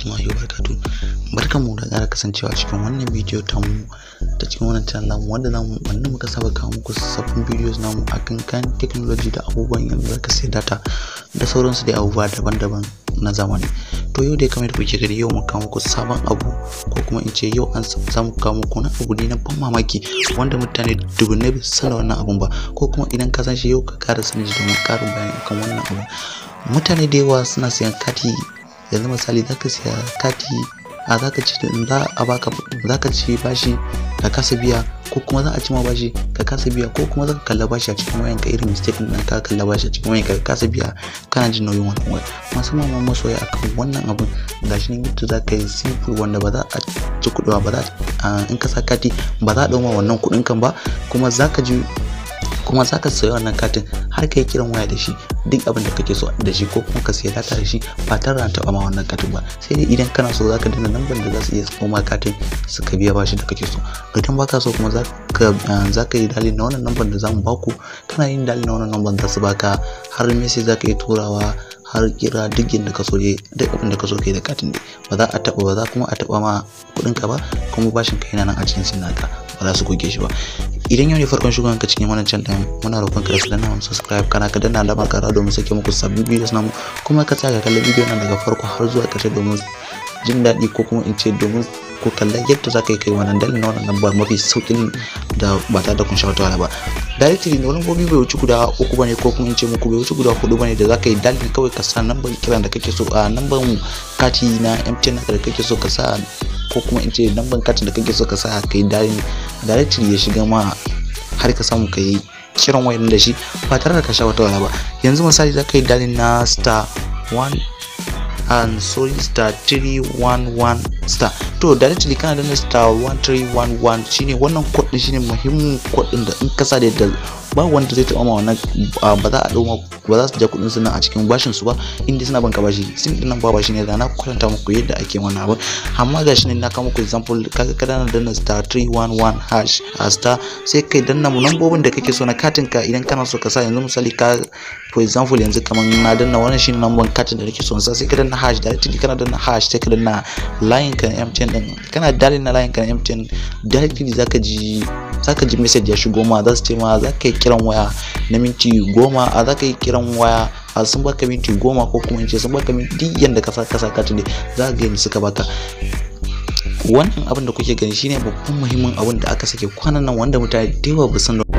warahmatullahi wabarakatuh barkanmu da ƙara kasancewa cikin wannan bidiyo ta mu ta cikin wannan channel namu wanda namu wanda muka saba kawo muku sabbin videos namu akan kan technology da abubuwan yanzu da ka sai data da sauransu da abubuwa daban-daban na zamani to yau dai kamar da kuke gani yau mun kawo muku sabon abu ko kuma in ce yau an samu kawo muku na abu ne na ban mamaki wanda mutane dubunne bi sana wannan abun ba ko kuma idan ka san shi yau ka ƙara sanin domin ƙarin bayani akan wannan abu mutane da yawa suna siyan kati yanzu misali za ka siya kati a za ka ci za a baka za ka ci bashi ka kasa biya ko kuma za a ci ma bashi ka kasa biya ko kuma za ka kalla bashi a cikin wayanka irin mistake din ka kalla bashi a cikin wayanka ka kasa biya kana jin nauyin wani wani masu mama masoya akan wannan abun shi ne yadda za ka yi simple wanda ba za a ci kuɗi ba za in ka sa kati ba za a ɗauma wannan kuɗin kan ba kuma za ka ji kuma zaka sayo wannan katin har kai kiran waya da shi duk abin da kake so da shi ko kuma ka sayi data da shi ba tare da taɓa ma wannan katin ba sai dai idan kana so zaka danna lambar da za su iya koma katin su ka biya bashi da kake so idan baka so kuma eh, za ka yi dalilin na wannan lambar da za mu baku kana yin dalilin na wannan lambar za su baka har message za ka iya turawa har kira duk inda ka so je duk abin da ka so kai da katin ne ba za a taba ba za kuma a taba ma kudin ka ba kuma bashin ka yana nan a cikin sinaka ba za su goge shi ba idan yau ne farkon shugaban ka cikin wannan channel din muna roƙon ka da sanar mu subscribe kana ka danna alamar kara domin sake muku sabbin videos namu kuma ka tsaya ka kalla video nan daga farko har zuwa ƙarshe domin jin daɗi ko kuma in ce domin ko kalla yadda za ka yi kai wannan dalilin wannan lamba mafi sautin da ba tare da kun sha wata ba directly da wani gobe bai wuce guda uku bane ko kuma in ce muku bai wuce guda hudu bane da za ka yi dalilin kawai ka sa namban kiran da kake so a mu kati na mtn da kake so ka sa ko kuma in ce namban katin da kake so ka sa ka yi dalilin directly ya shiga ma har ka samu ka yi kiran wayan da shi ba tare da ka sha wata wala ba yanzu misali za ka yi dalin na star 1 and sorry star 311 star to directly kana danna star 1311 shine wannan kod din shine muhimmin kod din da in ka sa da ba wanda zai taɓa ma wannan ba za a ɗau ba za su ja kuɗin su a cikin bashin su ba inda suna banka bashi sim ɗin nan ba bashi ne da na kwatanta muku yadda ake wani abu amma shi ne na kawo muku example kaga kada na danna star 311 hash a star sai kai danna mu lambobin da kake so na katin ka idan kana so ka sa yanzu misali ka for example yanzu kamar na danna wannan shine lambobin katin da nake so na sa sai ka danna hash directly kana danna hash sai ka danna line na MTN din kana dalin na line kan MTN directly ka ji zaka ji message ya shigo ma za su ce ma za yi kiran waya na minti goma a za yi kiran waya a sun baka minti goma ko kuma in ce sun baka minti duk yanda ka saka ka tunde za ka ga suka baka wannan abin da kuke gani shine babban muhimmin abin da aka sake kwanan nan wanda mutane da yawa ba san